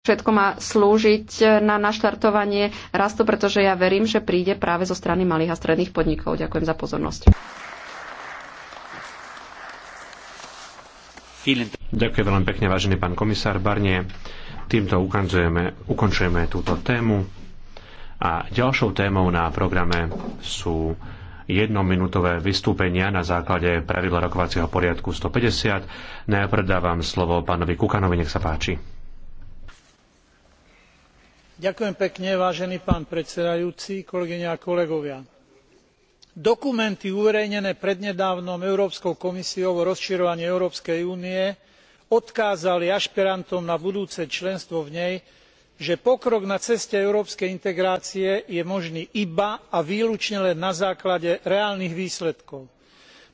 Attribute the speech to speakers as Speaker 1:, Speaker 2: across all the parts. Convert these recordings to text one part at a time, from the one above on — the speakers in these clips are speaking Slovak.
Speaker 1: všetko má slúžiť eh, na naštartovanie rastu, pretože ja verím, že príde práve zo strany malých a stredných podnikov. Ďakujem za pozornosť. Ďakujem veľmi pekne, vážený pán komisár Barnie. Týmto ukončujeme, ukončujeme túto tému. A ďalšou témou na programe sú jednominútové vystúpenia na základe pravidla rokovacieho poriadku 150. Najprv dávam slovo pánovi Kukanovi, nech sa páči
Speaker 2: dokumenty uverejnené prednedávnom európskou komisiou o rozširovaní európskej únie odkázali ašpirantom na budúce členstvo v nej že pokrok na ceste európskej integrácie je možný iba a výlučne len na základe reálnych výsledkov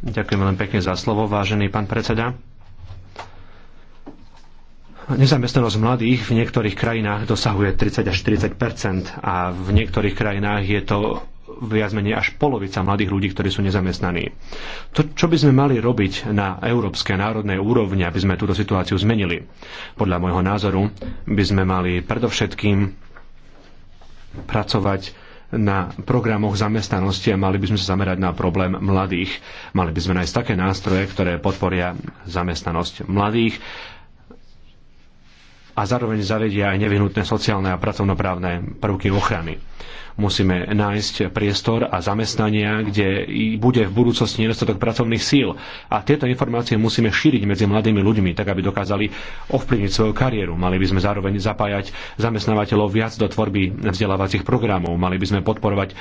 Speaker 1: Ďakujem veľmi pekne za slovo, vážený pán predseda. Nezamestnanosť mladých v niektorých krajinách dosahuje 30 až 40 a v niektorých krajinách je to viac menej až polovica mladých ľudí, ktorí sú nezamestnaní. To, čo by sme mali robiť na európskej národnej úrovni, aby sme túto situáciu zmenili? Podľa môjho názoru by sme mali predovšetkým pracovať na programoch zamestnanosti a mali by sme sa zamerať na problém mladých. Mali by sme nájsť také nástroje, ktoré podporia zamestnanosť mladých a zároveň zavedia aj nevyhnutné sociálne a pracovnoprávne prvky ochrany. Musíme nájsť priestor a zamestnania, kde bude v budúcnosti nedostatok pracovných síl. A tieto informácie musíme šíriť medzi mladými ľuďmi, tak aby dokázali ovplyvniť svoju kariéru. Mali by sme zároveň zapájať zamestnávateľov viac do tvorby vzdelávacích programov. Mali by sme podporovať eh,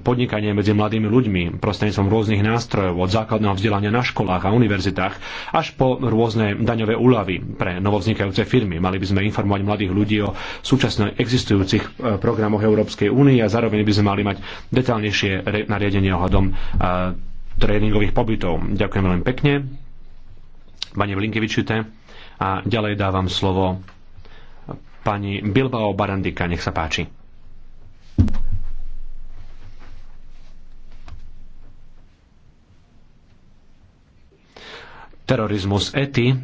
Speaker 1: podnikanie medzi mladými ľuďmi prostredníctvom rôznych nástrojov od základného vzdelania na školách a univerzitách až po rôzne daňové úľavy pre novovznikajúce firmy. Mali by sme informovať mladých ľudí o súčasne existujúcich eh, programoch Európskej únie a zároveň by sme mali mať detálnejšie nariadenie ohľadom e, tréningových pobytov. Ďakujem veľmi pekne. Pane Blinkevičite. A ďalej dávam slovo pani Bilbao Barandika. Nech sa páči. Terorizmus ETI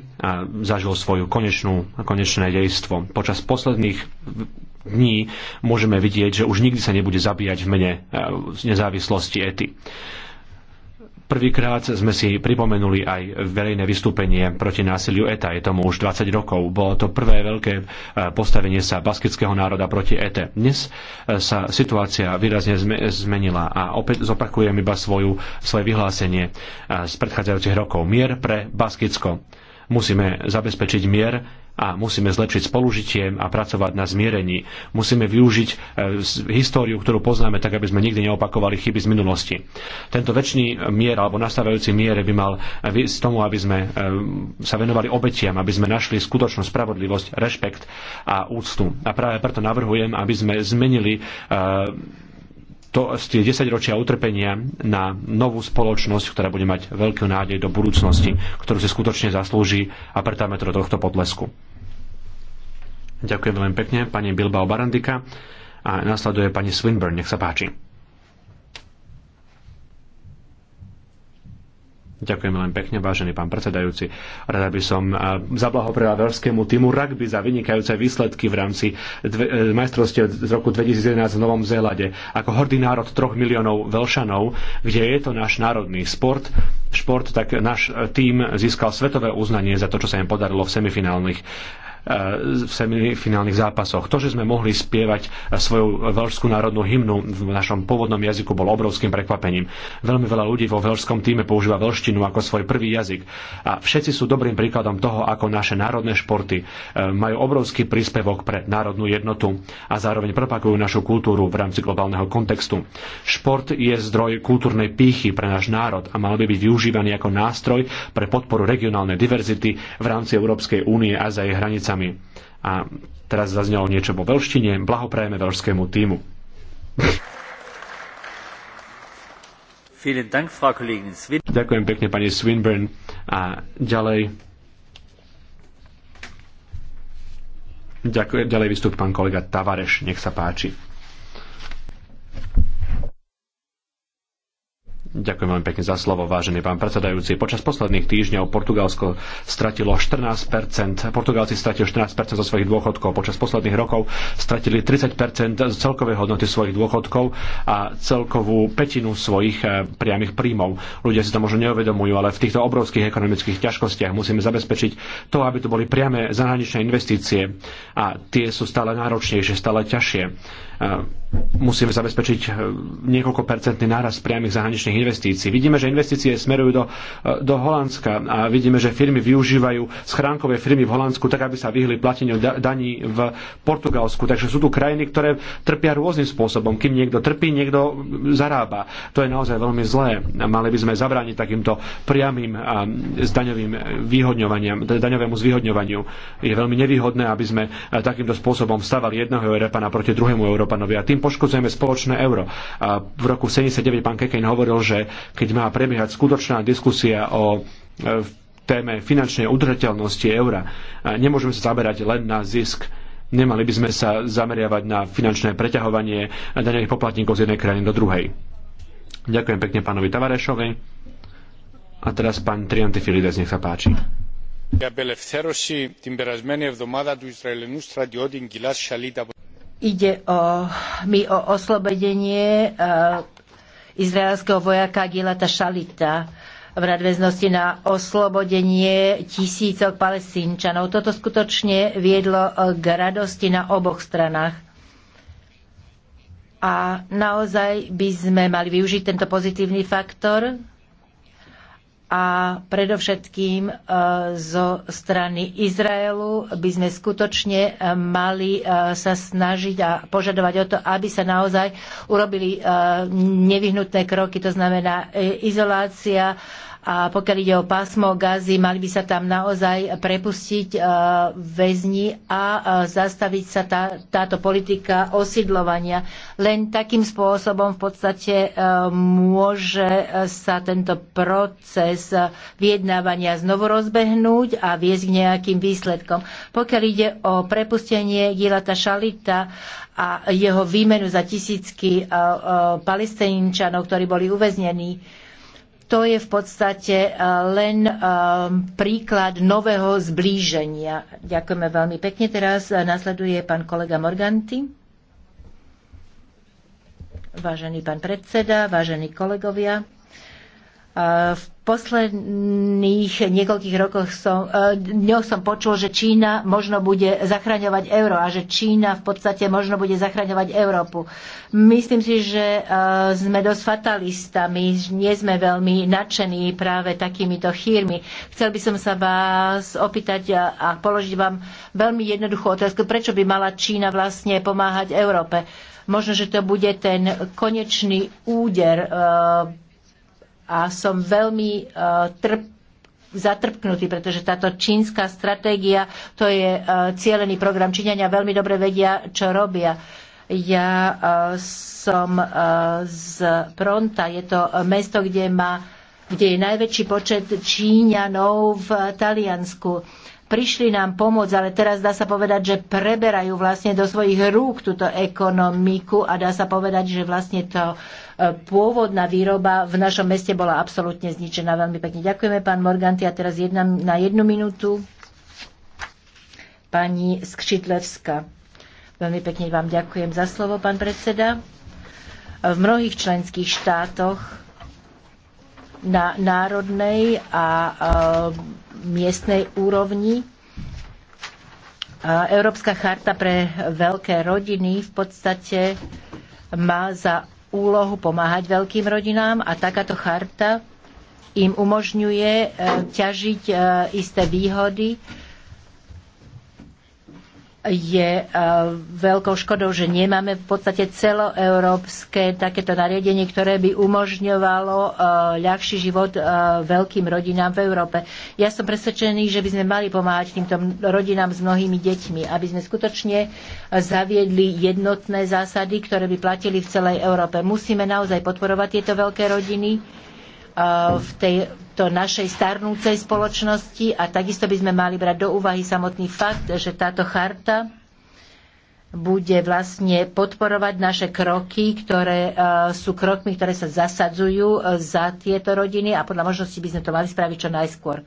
Speaker 1: zažil svoju konečnú, konečné dejstvo. Počas posledných dní môžeme vidieť, že už nikdy sa nebude zabíjať v mene e, nezávislosti ety. Prvýkrát sme si pripomenuli aj verejné vystúpenie proti násiliu ETA, je tomu už 20 rokov. Bolo to prvé veľké e, postavenie sa baskického národa proti ETA. Dnes e, sa situácia výrazne zmenila a opäť zopakujem iba svoju, svoje vyhlásenie z predchádzajúcich rokov. Mier pre Baskicko. Musíme zabezpečiť mier a musíme zlepšiť spolužitie a pracovať na zmierení. Musíme využiť e, históriu, ktorú poznáme, tak aby sme nikdy neopakovali chyby z minulosti. Tento väčší mier alebo nastávajúci mier by mal z e, tomu, aby sme e, sa venovali obetiam, aby sme našli skutočnú spravodlivosť, rešpekt a úctu. A práve preto navrhujem, aby sme zmenili to, z tie 10 ročia utrpenia na novú spoločnosť, ktorá bude mať veľkú nádej do budúcnosti, ktorú si skutočne zaslúži a pretáme to do tohto potlesku. Ďakujem veľmi pekne, pani Bilbao Barandika a nasleduje pani Swinburne, nech sa páči. Ďakujem veľmi pekne, vážený pán predsedajúci. Rada by som eh, zablahoprela veľskému týmu rugby za vynikajúce výsledky v rámci dve, eh, majstrovstiev z roku 2011 v Novom Zélade. Ako hordý národ troch miliónov veľšanov, kde je to náš národný sport, šport, tak náš eh, tým získal svetové uznanie za to, čo sa im podarilo v semifinálnych E, v semifinálnych zápasoch. To, že sme mohli spievať svoju veľskú národnú hymnu v našom pôvodnom jazyku, bolo obrovským prekvapením. Veľmi veľa ľudí vo veľskom týme používa veľštinu ako svoj prvý jazyk a všetci sú dobrým príkladom toho, ako naše národné športy e, majú obrovský príspevok pre národnú jednotu a zároveň propagujú našu kultúru v rámci globálneho kontextu. Šport je zdroj kultúrnej pýchy pre náš národ a mal by byť využívaný ako nástroj pre podporu regionálnej diverzity v rámci Európskej únie a za jej hranice hranicami. A teraz zaznelo niečo vo veľštine. Blahoprajeme veľšskému týmu. Ďakujem pekne pani Swinburne. A ďalej Ďakujem, ďalej vystúpi pán kolega Tavareš, nech sa páči. Ďakujem veľmi pekne za slovo, vážený pán predsedajúci. Počas posledných týždňov Portugalsko stratilo 14 Portugalci stratili 14 zo svojich dôchodkov. Počas posledných rokov stratili 30 z celkovej hodnoty svojich dôchodkov a celkovú petinu svojich eh, priamých príjmov. Ľudia si to možno neuvedomujú, ale v týchto obrovských ekonomických ťažkostiach musíme zabezpečiť to, aby to boli priame zahraničné investície a tie sú stále náročnejšie, stále ťažšie musíme zabezpečiť e, niekoľko percentný nárast priamých zahraničných investícií. Vidíme, že investície smerujú do, e, do Holandska a vidíme, že firmy využívajú schránkové firmy v Holandsku tak, aby sa vyhli plateniu daní v Portugalsku. Takže sú tu krajiny, ktoré trpia rôznym spôsobom. Kým niekto trpí, niekto zarába. To je naozaj veľmi zlé. Mali by sme zabrániť takýmto priamým zdaňovým výhodňovaniam, teda daňovému zvýhodňovaniu. Je veľmi nevýhodné, aby sme e, takýmto spôsobom stavali jedného Európa proti druhému Európa Európanovi a tým poškodzujeme spoločné euro. A v roku 79 pán Kekejn hovoril, že keď má prebiehať skutočná diskusia o e, téme finančnej udržateľnosti eura, nemôžeme sa zaberať len na zisk Nemali by sme sa zameriavať na finančné preťahovanie daňových poplatníkov z jednej krajiny do druhej. Ďakujem pekne pánovi Tavarešovi. A teraz pán Filides, nech sa páči.
Speaker 3: Ide o, mi o oslobodenie uh, izraelského vojaka Gilata Šalita v nadväznosti na oslobodenie tisícok palestínčanov. Toto skutočne viedlo k radosti na oboch stranách. A naozaj by sme mali využiť tento pozitívny faktor, a predovšetkým e, zo strany Izraelu by sme skutočne e, mali e, sa snažiť a požadovať o to, aby sa naozaj urobili nevyhnutné kroky, to znamená izolácia a pokiaľ ide o pásmo gazy, mali by sa tam naozaj prepustiť e, väzni a e, zastaviť sa tá, táto politika osidlovania. Len takým spôsobom v podstate e, môže sa tento proces vyjednávania znovu rozbehnúť a viesť k nejakým výsledkom. Pokiaľ ide o prepustenie Gilata Šalita a jeho výmenu za tisícky palestínčanov, ktorí boli uväznení, to je v podstate eh, len eh, príklad nového zblíženia. Ďakujeme veľmi pekne. Teraz eh, nasleduje pán kolega Morganti. Vážený pán predseda, vážení kolegovia. Eh, v posledných niekoľkých rokoch som, eh, dňoch som počul, že Čína možno bude zachraňovať euro a že Čína v podstate možno bude zachraňovať Európu. Myslím si, že eh, sme dosť fatalistami, nie sme veľmi nadšení práve takýmito chýrmi. Chcel by som sa vás opýtať a položiť vám veľmi jednoduchú otázku, prečo by mala Čína vlastne pomáhať Európe. Možno, že to bude ten konečný úder a som veľmi uh, trp, zatrpknutý, pretože táto čínska stratégia, to je uh, e, cieľený program. Číňania veľmi dobre vedia, čo robia. Ja uh, som uh, z Pronta, je to mesto, kde, má, kde je najväčší počet Číňanov v Taliansku. Uh, prišli nám pomôcť, ale teraz dá sa povedať, že preberajú vlastne do svojich rúk túto ekonomiku a dá sa povedať, že vlastne to e, pôvodná výroba v našom meste bola absolútne zničená. Veľmi pekne ďakujeme, pán Morganti. A teraz jedna, na jednu minútu pani Skřitlevská. Veľmi pekne vám ďakujem za slovo, pán predseda. V mnohých členských štátoch na národnej a miestnej úrovni. Európska charta pre veľké rodiny v podstate má za úlohu pomáhať veľkým rodinám a takáto charta im umožňuje e, ťažiť e, isté výhody je e, veľkou škodou, že nemáme v podstate celoeurópske takéto nariadenie, ktoré by umožňovalo e, ľahší život e, veľkým rodinám v Európe. Ja som presvedčený, že by sme mali pomáhať týmto rodinám s mnohými deťmi, aby sme skutočne zaviedli jednotné zásady, ktoré by platili v celej Európe. Musíme naozaj podporovať tieto veľké rodiny v tej týchto našej starnúcej spoločnosti a takisto by sme mali brať do úvahy samotný fakt, že táto charta bude vlastne podporovať naše kroky, ktoré e, sú krokmi, ktoré sa zasadzujú e, za tieto rodiny a podľa možnosti by sme to mali spraviť čo najskôr.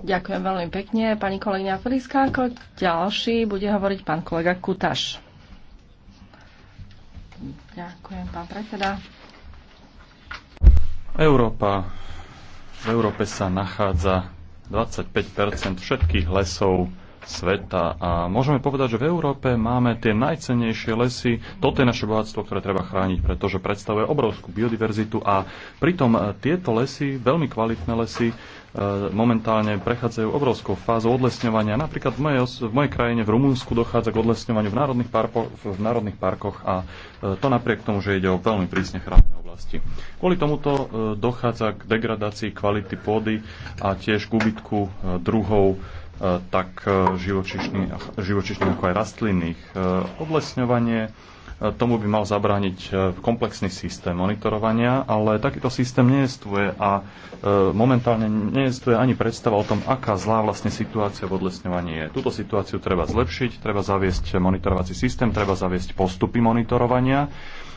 Speaker 3: Ďakujem veľmi pekne. Pani kolegyňa Felická, ako ďalší bude hovoriť pán kolega Kutaš. Ďakujem, pán predseda.
Speaker 4: Európa v Európe sa nachádza 25 všetkých lesov sveta a môžeme povedať, že v Európe máme tie najcennejšie lesy. Toto je naše bohatstvo, ktoré treba chrániť, pretože predstavuje obrovskú biodiverzitu a pritom e, tieto lesy, veľmi kvalitné lesy, e, momentálne prechádzajú obrovskou fázou odlesňovania. Napríklad v mojej, v mojej krajine, v Rumunsku, dochádza k odlesňovaniu v národných, parko, v národných parkoch a e, to napriek tomu, že ide o veľmi prísne chránené oblasti. Kvôli tomuto e, dochádza k degradácii kvality pôdy a tiež k úbytku e, druhov e, tak živočišných, ako aj rastlinných. Odlesňovanie tomu by mal zabrániť komplexný systém monitorovania, ale takýto systém neestuje a momentálne neestuje ani predstava o tom, aká zlá vlastne situácia v odlesňovaní je. Túto situáciu treba zlepšiť, treba zaviesť monitorovací systém, treba zaviesť postupy monitorovania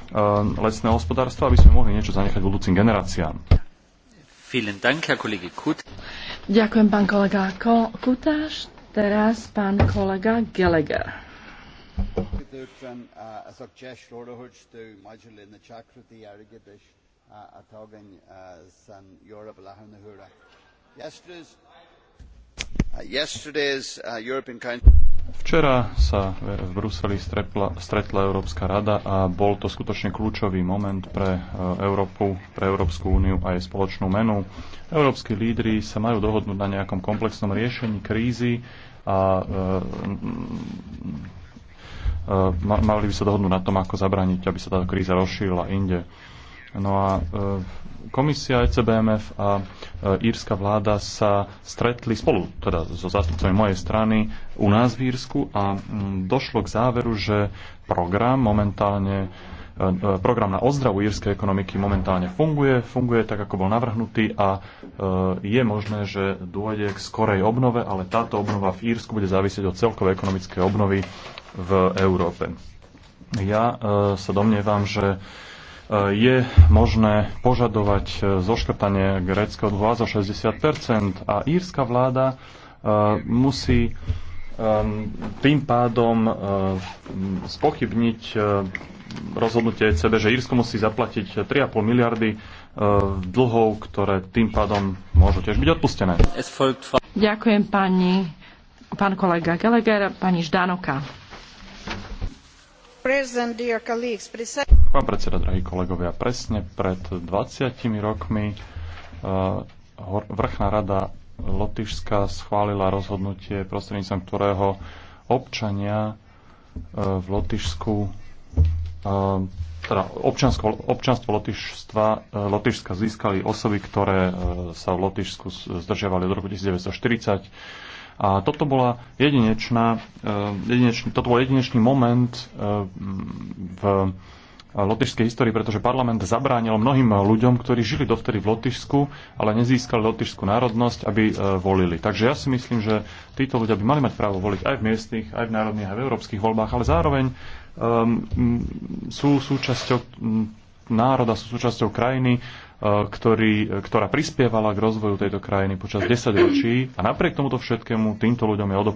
Speaker 4: Eh, lesného hospodárstva, aby sme mohli niečo zanechať budúcim generáciám.
Speaker 3: Ďakujem, pán kolega Kutáš. Teraz pán kolega Geleger.
Speaker 1: Yesterday's uh, European Council
Speaker 4: Včera sa v Bruseli stretla, stretla Európska rada a bol to skutočne kľúčový moment pre e, Európu, pre Európsku úniu a jej spoločnú menu. Európsky lídry sa majú dohodnúť na nejakom komplexnom riešení krízy a e, e, mali by sa dohodnúť na tom, ako zabrániť, aby sa táto kríza rozšírila inde. No a e, komisia ECBMF a E, írska vláda sa stretli spolu teda so zástupcami mojej strany u nás v Írsku a mm, došlo k záveru, že program momentálne e, e, program na ozdravu írskej ekonomiky momentálne funguje, funguje tak, ako bol navrhnutý a je možné, že dôjde k skorej obnove, ale táto obnova v Írsku bude závisieť od celkovej ekonomickej obnovy v Európe. Ja sa domnievam, že Eh, je možné požadovať eh, zoškrtanie gréckého dlhu za 60 a írska vláda eh, musí ehm, tým pádom spochybniť rozhodnutie ECB, že Írsko musí zaplatiť 3,5 miliardy dlhov, ktoré tým pádom môžu tiež byť odpustené.
Speaker 3: Ďakujem pani, pán kolega Gallagher, pani Ždánoka.
Speaker 4: Pán predseda, drahí kolegovia, presne pred 20 rokmi eh, Vrchná rada Lotyšska schválila rozhodnutie, prostredníctvom ktorého občania eh, v Lotyšsku eh, teda občanstvo, Lotyšstva, Lotyšska získali osoby, ktoré sa v Lotyšsku zdržiavali od roku 1940 a toto, bola jedinečná, e, jedinečný, toto bol jedinečný moment e, v lotyšskej histórii, pretože parlament zabránil mnohým ľuďom, ktorí žili dovtedy v Lotyšsku, ale nezískali lotyšskú národnosť, aby e, volili. Takže ja si myslím, že títo ľudia by mali mať právo voliť aj v miestnych, aj v národných, aj v európskych voľbách, ale zároveň um, sú súčasťou národa sú súčasťou krajiny, e, ktorý, e, ktorá prispievala k rozvoju tejto krajiny počas 10 ročí a napriek tomuto všetkému týmto ľuďom je odopie